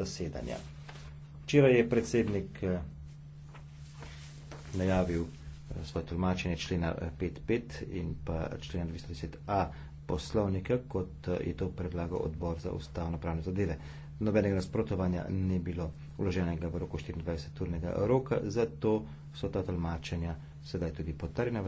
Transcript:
zasedanja. Včeraj je predsednik eh, najavil eh, svoje tolmačenje člena 5.5 eh, in pa člena 210a poslovnika, kot je to predlagal odbor za ustavno pravne zadeve. Nobenega nasprotovanja ni bilo vloženega v roku 24-urnega roka, zato so ta tolmačenja sedaj tudi potrjena.